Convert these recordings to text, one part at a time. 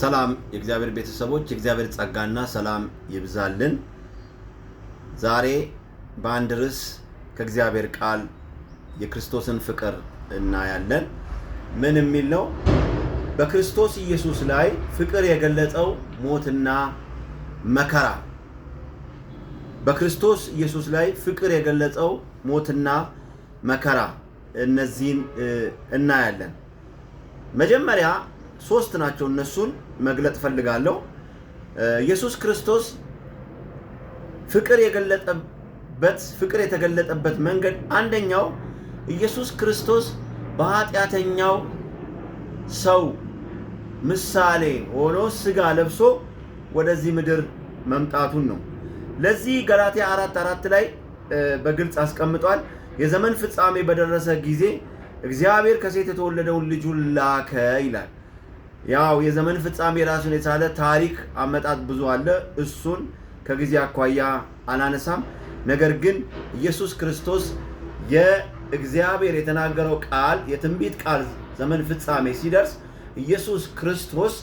ሰላም የእግዚአብሔር ቤተሰቦች፣ የእግዚአብሔር ጸጋና ሰላም ይብዛልን። ዛሬ በአንድ ርዕስ ከእግዚአብሔር ቃል የክርስቶስን ፍቅር እናያለን። ምን የሚል ነው? በክርስቶስ ኢየሱስ ላይ ፍቅር የገለጸው ሞትና መከራ። በክርስቶስ ኢየሱስ ላይ ፍቅር የገለጸው ሞትና መከራ፣ እነዚህን እናያለን። መጀመሪያ ሶስት ናቸው። እነሱን መግለጥ ፈልጋለሁ። ኢየሱስ ክርስቶስ ፍቅር የገለጠበት ፍቅር የተገለጠበት መንገድ አንደኛው ኢየሱስ ክርስቶስ በኃጢአተኛው ሰው ምሳሌ ሆኖ ስጋ ለብሶ ወደዚህ ምድር መምጣቱን ነው። ለዚህ ገላትያ አራት አራት ላይ በግልጽ አስቀምጧል። የዘመን ፍጻሜ በደረሰ ጊዜ እግዚአብሔር ከሴት የተወለደውን ልጁን ላከ ይላል። ያው የዘመን ፍጻሜ ራሱን የቻለ ታሪክ አመጣጥ ብዙ አለ። እሱን ከጊዜ አኳያ አላነሳም። ነገር ግን ኢየሱስ ክርስቶስ የእግዚአብሔር የተናገረው ቃል የትንቢት ቃል ዘመን ፍጻሜ ሲደርስ ኢየሱስ ክርስቶስ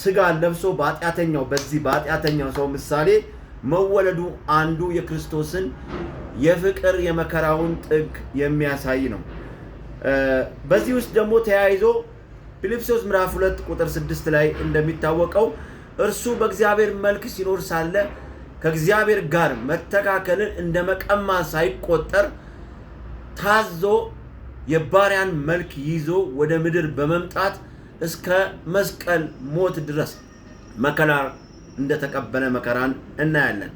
ስጋን ለብሶ በኃጢአተኛው በዚህ በኃጢአተኛው ሰው ምሳሌ መወለዱ አንዱ የክርስቶስን የፍቅር የመከራውን ጥግ የሚያሳይ ነው። በዚህ ውስጥ ደግሞ ተያይዞ ፊልጵስዩስ ምዕራፍ 2 ቁጥር 6 ላይ እንደሚታወቀው እርሱ በእግዚአብሔር መልክ ሲኖር ሳለ ከእግዚአብሔር ጋር መተካከልን እንደ መቀማ ሳይቆጠር ታዞ የባሪያን መልክ ይዞ ወደ ምድር በመምጣት እስከ መስቀል ሞት ድረስ መከራ እንደተቀበለ መከራን እናያለን።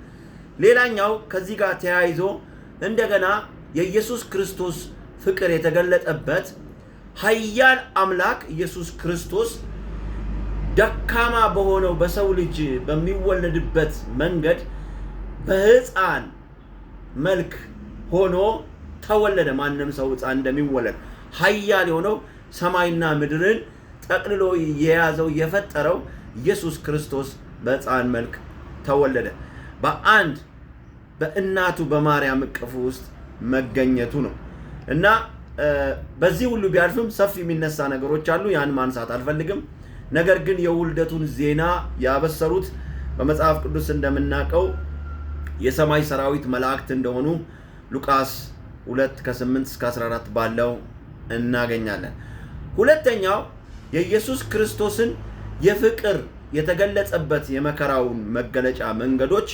ሌላኛው ከዚህ ጋር ተያይዞ እንደገና የኢየሱስ ክርስቶስ ፍቅር የተገለጠበት ኃያል አምላክ ኢየሱስ ክርስቶስ ደካማ በሆነው በሰው ልጅ በሚወለድበት መንገድ በሕፃን መልክ ሆኖ ተወለደ። ማንም ሰው ሕፃን እንደሚወለድ ኃያል የሆነው ሰማይና ምድርን ጠቅልሎ የያዘው የፈጠረው ኢየሱስ ክርስቶስ በሕፃን መልክ ተወለደ። በአንድ በእናቱ በማርያም እቅፍ ውስጥ መገኘቱ ነው እና በዚህ ሁሉ ቢያልፍም ሰፊ የሚነሳ ነገሮች አሉ። ያን ማንሳት አልፈልግም። ነገር ግን የውልደቱን ዜና ያበሰሩት በመጽሐፍ ቅዱስ እንደምናውቀው የሰማይ ሰራዊት መላእክት እንደሆኑ ሉቃስ 2 ከ8 እስከ 14 ባለው እናገኛለን። ሁለተኛው የኢየሱስ ክርስቶስን የፍቅር የተገለጸበት የመከራውን መገለጫ መንገዶች፣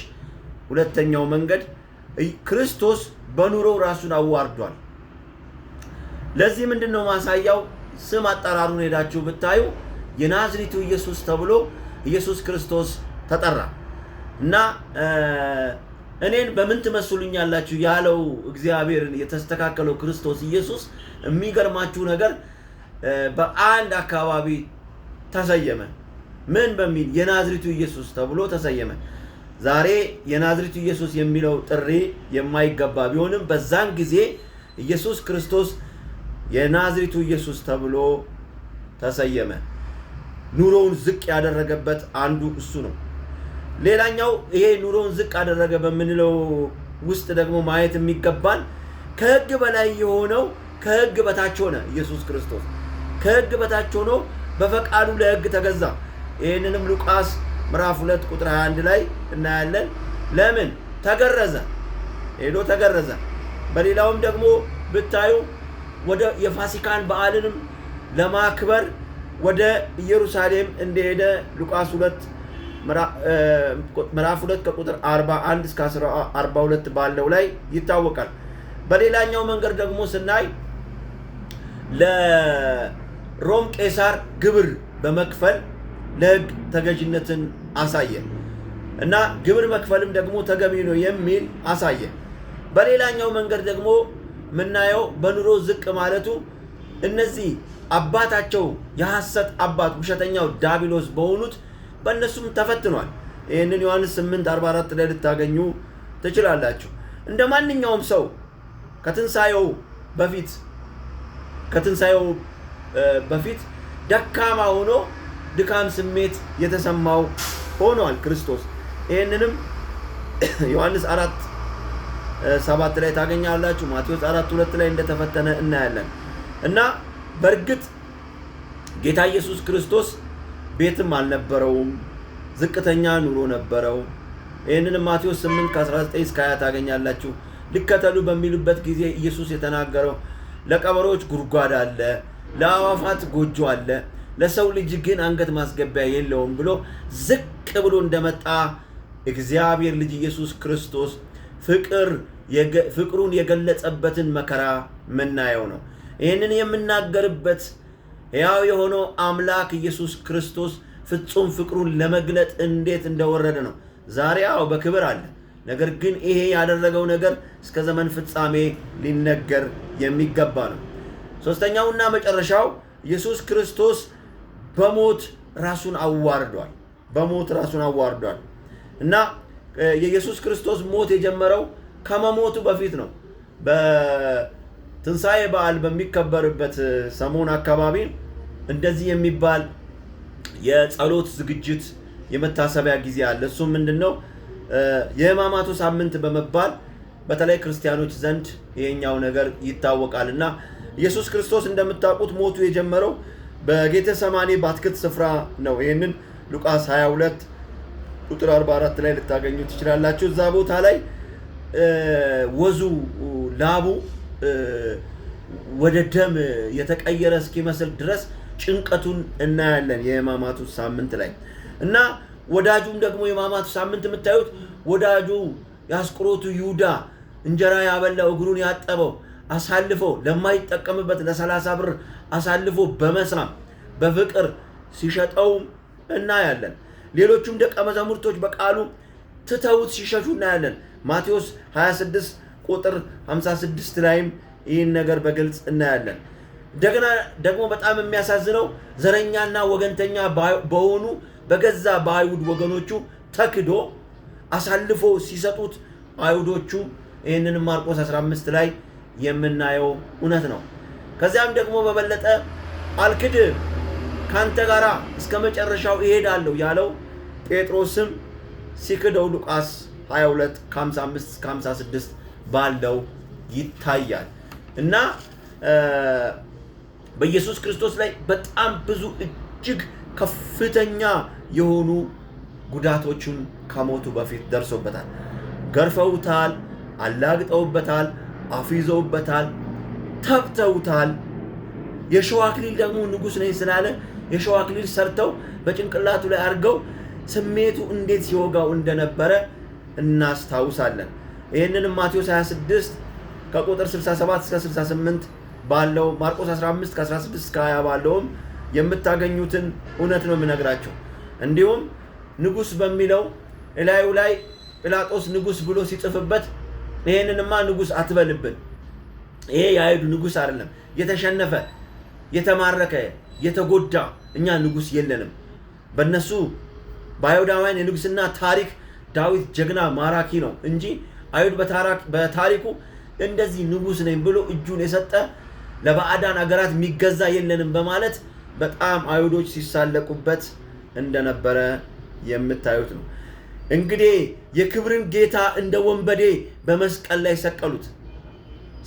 ሁለተኛው መንገድ ክርስቶስ በኑሮው ራሱን አዋርዷል። ለዚህ ምንድን ነው ማሳያው? ስም አጠራሩን ሄዳችሁ ብታዩ የናዝሪቱ ኢየሱስ ተብሎ ኢየሱስ ክርስቶስ ተጠራ እና እኔን በምን ትመስሉኛላችሁ ያለው እግዚአብሔርን የተስተካከለው ክርስቶስ ኢየሱስ የሚገርማችሁ ነገር በአንድ አካባቢ ተሰየመ። ምን በሚል የናዝሪቱ ኢየሱስ ተብሎ ተሰየመ። ዛሬ የናዝሪቱ ኢየሱስ የሚለው ጥሪ የማይገባ ቢሆንም በዛን ጊዜ ኢየሱስ ክርስቶስ የናዝሪቱ ኢየሱስ ተብሎ ተሰየመ። ኑሮውን ዝቅ ያደረገበት አንዱ እሱ ነው። ሌላኛው ይሄ ኑሮውን ዝቅ አደረገ በምንለው ውስጥ ደግሞ ማየት የሚገባን ከሕግ በላይ የሆነው ከሕግ በታች ሆነ። ኢየሱስ ክርስቶስ ከሕግ በታች ሆኖ በፈቃዱ ለሕግ ተገዛ። ይህንንም ሉቃስ ምዕራፍ 2 ቁጥር 21 ላይ እናያለን። ለምን ተገረዘ? ሄዶ ተገረዘ። በሌላውም ደግሞ ብታዩ ወደ የፋሲካን በዓልንም ለማክበር ወደ ኢየሩሳሌም እንደሄደ ሉቃስ 2 ምዕራፍ 2 ከቁጥር 41 እስከ 42 ባለው ላይ ይታወቃል። በሌላኛው መንገድ ደግሞ ስናይ ለሮም ቄሳር ግብር በመክፈል ለሕግ ተገዥነትን አሳየ እና ግብር መክፈልም ደግሞ ተገቢ ነው የሚል አሳየ። በሌላኛው መንገድ ደግሞ የምናየው በኑሮ ዝቅ ማለቱ እነዚህ አባታቸው የሐሰት አባት ውሸተኛው ዳቢሎስ በሆኑት በእነሱም ተፈትኗል። ይህንን ዮሐንስ 8 44 ላይ ልታገኙ ትችላላችሁ። እንደ ማንኛውም ሰው ከትንሣኤው በፊት ከትንሣኤው በፊት ደካማ ሆኖ ድካም ስሜት የተሰማው ሆኗል ክርስቶስ። ይህንንም ዮሐንስ አራት ሰባት ላይ ታገኛላችሁ። ማቴዎስ አራት ሁለት ላይ እንደተፈተነ እናያለን። እና በእርግጥ ጌታ ኢየሱስ ክርስቶስ ቤትም አልነበረውም፣ ዝቅተኛ ኑሮ ነበረው። ይህንንም ማቴዎስ 8 ከ19 እስከ 20 ታገኛላችሁ። ልከተሉ በሚሉበት ጊዜ ኢየሱስ የተናገረው ለቀበሮች ጉድጓድ አለ፣ ለአዋፋት ጎጆ አለ፣ ለሰው ልጅ ግን አንገት ማስገቢያ የለውም ብሎ ዝቅ ብሎ እንደመጣ እግዚአብሔር ልጅ ኢየሱስ ክርስቶስ ፍቅር ፍቅሩን የገለጸበትን መከራ ምናየው ነው። ይህንን የምናገርበት ሕያው የሆነው አምላክ ኢየሱስ ክርስቶስ ፍጹም ፍቅሩን ለመግለጥ እንዴት እንደወረደ ነው። ዛሬ አዎ በክብር አለ። ነገር ግን ይሄ ያደረገው ነገር እስከ ዘመን ፍጻሜ ሊነገር የሚገባ ነው። ሶስተኛውና መጨረሻው ኢየሱስ ክርስቶስ በሞት ራሱን አዋርዷል። በሞት ራሱን አዋርዷል እና የኢየሱስ ክርስቶስ ሞት የጀመረው ከመሞቱ በፊት ነው። በትንሣኤ በዓል በሚከበርበት ሰሞን አካባቢ እንደዚህ የሚባል የጸሎት ዝግጅት የመታሰቢያ ጊዜ አለ። እሱም ምንድን ነው? የሕማማቱ ሳምንት በመባል በተለይ ክርስቲያኖች ዘንድ ይሄኛው ነገር ይታወቃል እና ኢየሱስ ክርስቶስ እንደምታውቁት ሞቱ የጀመረው በጌተሰማኔ በአትክልት ስፍራ ነው። ይህንን ሉቃስ 22 ቁጥር 44 ላይ ልታገኙ ትችላላችሁ። እዛ ቦታ ላይ ወዙ ላቡ ወደ ደም የተቀየረ እስኪመስል ድረስ ጭንቀቱን እናያለን የሕማማቱ ሳምንት ላይ እና ወዳጁም ደግሞ የሕማማቱ ሳምንት የምታዩት ወዳጁ የአስቆሮቱ ይሁዳ እንጀራ ያበላው እግሩን ያጠበው አሳልፎ ለማይጠቀምበት ለሰላሳ ብር አሳልፎ በመስራም በፍቅር ሲሸጠውም እናያለን። ሌሎቹም ደቀ መዛሙርቶች በቃሉ ትተውት ሲሸሹ እናያለን። ማቴዎስ 26 ቁጥር 56 ላይም ይህን ነገር በግልጽ እናያለን። እንደገና ደግሞ በጣም የሚያሳዝነው ዘረኛና ወገንተኛ በሆኑ በገዛ በአይሁድ ወገኖቹ ተክዶ አሳልፎ ሲሰጡት አይሁዶቹ ይህንን ማርቆስ 15 ላይ የምናየው እውነት ነው። ከዚያም ደግሞ በበለጠ አልክድም ከአንተ ጋር እስከ መጨረሻው ይሄዳለሁ ያለው ጴጥሮስም ሲክደው ሉቃስ 22 55 56 ባለው ይታያል እና በኢየሱስ ክርስቶስ ላይ በጣም ብዙ እጅግ ከፍተኛ የሆኑ ጉዳቶችን ከሞቱ በፊት ደርሶበታል። ገርፈውታል፣ አላግጠውበታል፣ አፊዘውበታል፣ ተብተውታል። የሸዋ ክሊል ደግሞ ንጉሥ ነኝ ስላለ የሸዋ አክሊል ሰርተው በጭንቅላቱ ላይ አድርገው ስሜቱ እንዴት ሲወጋው እንደነበረ እናስታውሳለን። ይህንንም ማቴዎስ 26 ከቁጥር 67 እስከ 68 ባለው ማርቆስ 15 ከ16 እስከ 20 ባለውም የምታገኙትን እውነት ነው የምነግራቸው። እንዲሁም ንጉስ በሚለው እላዩ ላይ ጲላጦስ ንጉስ ብሎ ሲጽፍበት ይህንንማ ንጉስ አትበልብን፣ ይሄ የአይሁድ ንጉስ አይደለም፣ የተሸነፈ የተማረከ የተጎዳ እኛ ንጉስ የለንም። በእነሱ በአይሁዳውያን የንጉስና ታሪክ ዳዊት ጀግና ማራኪ ነው እንጂ አይሁድ በታሪኩ እንደዚህ ንጉስ ነኝ ብሎ እጁን የሰጠ ለባዕዳን አገራት የሚገዛ የለንም በማለት በጣም አይሁዶች ሲሳለቁበት እንደነበረ የምታዩት ነው። እንግዲህ የክብርን ጌታ እንደ ወንበዴ በመስቀል ላይ ሰቀሉት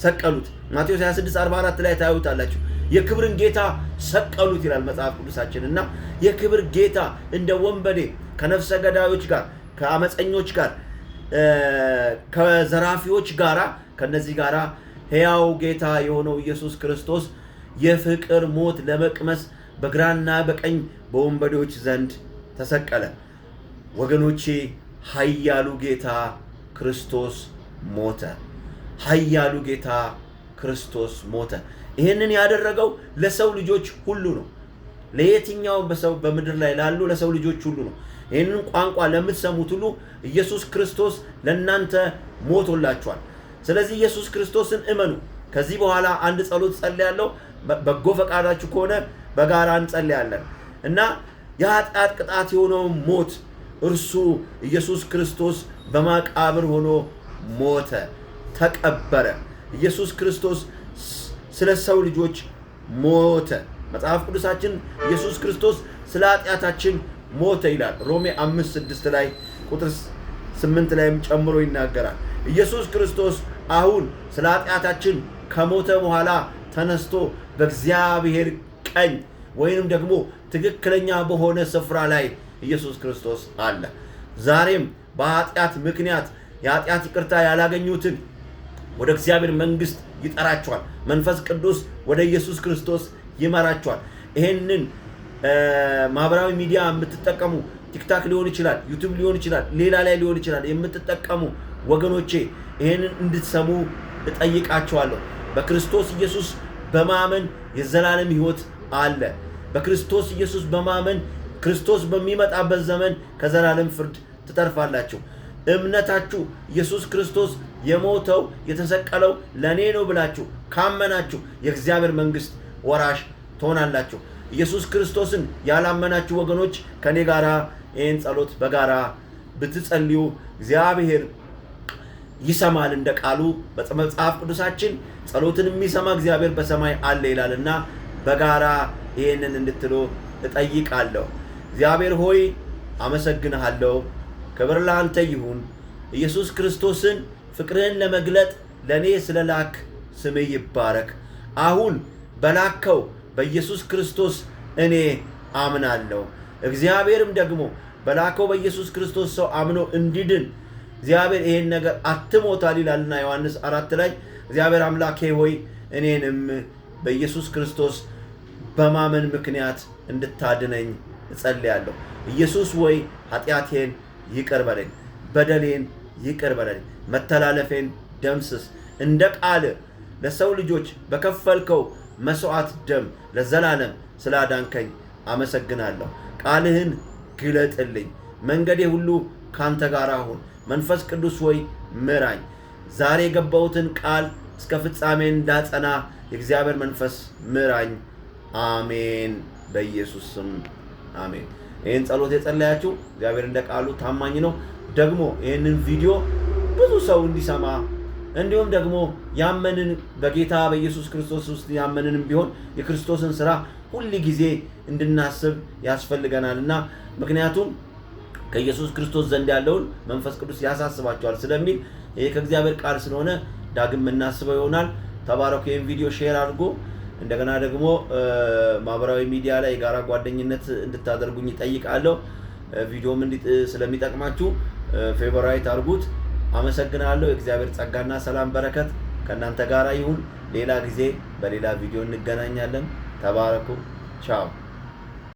ሰቀሉት። ማቴዎስ 26 44 ላይ ታዩታላችሁ። የክብርን ጌታ ሰቀሉት ይላል መጽሐፍ ቅዱሳችን። እና የክብር ጌታ እንደ ወንበዴ ከነፍሰ ገዳዮች ጋር፣ ከአመፀኞች ጋር፣ ከዘራፊዎች ጋራ ከነዚህ ጋራ ሕያው ጌታ የሆነው ኢየሱስ ክርስቶስ የፍቅር ሞት ለመቅመስ በግራና በቀኝ በወንበዴዎች ዘንድ ተሰቀለ። ወገኖቼ ኃያሉ ጌታ ክርስቶስ ሞተ። ኃያሉ ጌታ ክርስቶስ ሞተ። ይህንን ያደረገው ለሰው ልጆች ሁሉ ነው። ለየትኛው በሰው በምድር ላይ ላሉ ለሰው ልጆች ሁሉ ነው። ይህንን ቋንቋ ለምትሰሙት ሁሉ ኢየሱስ ክርስቶስ ለእናንተ ሞቶላችኋል። ስለዚህ ኢየሱስ ክርስቶስን እመኑ። ከዚህ በኋላ አንድ ጸሎት ጸልያለሁ። በጎ ፈቃዳችሁ ከሆነ በጋራ እንጸልያለን እና የኃጢአት ቅጣት የሆነው ሞት እርሱ ኢየሱስ ክርስቶስ በመቃብር ሆኖ ሞተ፣ ተቀበረ። ኢየሱስ ክርስቶስ ስለ ሰው ልጆች ሞተ። መጽሐፍ ቅዱሳችን ኢየሱስ ክርስቶስ ስለ ኃጢአታችን ሞተ ይላል። ሮሜ አምስት ስድስት ላይ ቁጥር ስምንት ላይም ጨምሮ ይናገራል። ኢየሱስ ክርስቶስ አሁን ስለ ኃጢአታችን ከሞተ በኋላ ተነስቶ በእግዚአብሔር ቀኝ ወይንም ደግሞ ትክክለኛ በሆነ ስፍራ ላይ ኢየሱስ ክርስቶስ አለ። ዛሬም በኃጢአት ምክንያት የኃጢአት ይቅርታ ያላገኙትን ወደ እግዚአብሔር መንግስት ይጠራቸዋል። መንፈስ ቅዱስ ወደ ኢየሱስ ክርስቶስ ይመራቸዋል። ይሄንን ማህበራዊ ሚዲያ የምትጠቀሙ ቲክታክ ሊሆን ይችላል፣ ዩቲዩብ ሊሆን ይችላል፣ ሌላ ላይ ሊሆን ይችላል የምትጠቀሙ ወገኖቼ ይሄንን እንድትሰሙ እጠይቃቸዋለሁ። በክርስቶስ ኢየሱስ በማመን የዘላለም ህይወት አለ። በክርስቶስ ኢየሱስ በማመን ክርስቶስ በሚመጣበት ዘመን ከዘላለም ፍርድ ትተርፋላችሁ። እምነታችሁ ኢየሱስ ክርስቶስ የሞተው የተሰቀለው ለእኔ ነው ብላችሁ ካመናችሁ የእግዚአብሔር መንግስት ወራሽ ትሆናላችሁ። ኢየሱስ ክርስቶስን ያላመናችሁ ወገኖች ከእኔ ጋር ይህን ጸሎት በጋራ ብትጸልዩ እግዚአብሔር ይሰማል። እንደ ቃሉ በመጽሐፍ ቅዱሳችን ጸሎትን የሚሰማ እግዚአብሔር በሰማይ አለ ይላል እና በጋራ ይህንን እንድትሉ እጠይቃለሁ። እግዚአብሔር ሆይ አመሰግንሃለሁ። ክብር ለአንተ ይሁን። ኢየሱስ ክርስቶስን ፍቅርህን ለመግለጥ ለእኔ ስለ ላክ ስምህ ይባረክ። አሁን በላከው በኢየሱስ ክርስቶስ እኔ አምናለሁ። እግዚአብሔርም ደግሞ በላከው በኢየሱስ ክርስቶስ ሰው አምኖ እንዲድን እግዚአብሔር ይሄን ነገር አትሞታል ይላልና ዮሐንስ አራት ላይ እግዚአብሔር አምላኬ ሆይ እኔንም በኢየሱስ ክርስቶስ በማመን ምክንያት እንድታድነኝ እጸልያለሁ። ኢየሱስ ወይ ኃጢአቴን ይቅር በለኝ፣ በደሌን ይቅር በለን፣ መተላለፌን ደምስስ፣ እንደ ቃል ለሰው ልጆች በከፈልከው መስዋዕት ደም ለዘላለም ስላዳንከኝ አመሰግናለሁ። ቃልህን ግለጥልኝ፣ መንገዴ ሁሉ ካንተ ጋር አሁን። መንፈስ ቅዱስ ወይ ምራኝ። ዛሬ የገባሁትን ቃል እስከ ፍጻሜ እንዳጸና የእግዚአብሔር መንፈስ ምራኝ። አሜን። በኢየሱስ ስም አሜን። ይህን ጸሎት የጸለያችሁ እግዚአብሔር እንደ ቃሉ ታማኝ ነው። ደግሞ ይህንን ቪዲዮ ብዙ ሰው እንዲሰማ እንዲሁም ደግሞ ያመንን በጌታ በኢየሱስ ክርስቶስ ውስጥ ያመንንም ቢሆን የክርስቶስን ስራ ሁል ጊዜ እንድናስብ ያስፈልገናል እና ምክንያቱም ከኢየሱስ ክርስቶስ ዘንድ ያለውን መንፈስ ቅዱስ ያሳስባቸዋል ስለሚል ይህ ከእግዚአብሔር ቃል ስለሆነ ዳግም የምናስበው ይሆናል። ተባረኩ። ይህም ቪዲዮ ሼር አድርጎ እንደገና ደግሞ ማህበራዊ ሚዲያ ላይ የጋራ ጓደኝነት እንድታደርጉኝ ይጠይቃለሁ። ቪዲዮም ስለሚጠቅማችሁ ፌቨራይት አድርጉት። አመሰግናለሁ። የእግዚአብሔር ጸጋና ሰላም በረከት ከእናንተ ጋር ይሁን። ሌላ ጊዜ በሌላ ቪዲዮ እንገናኛለን። ተባረኩ። ቻው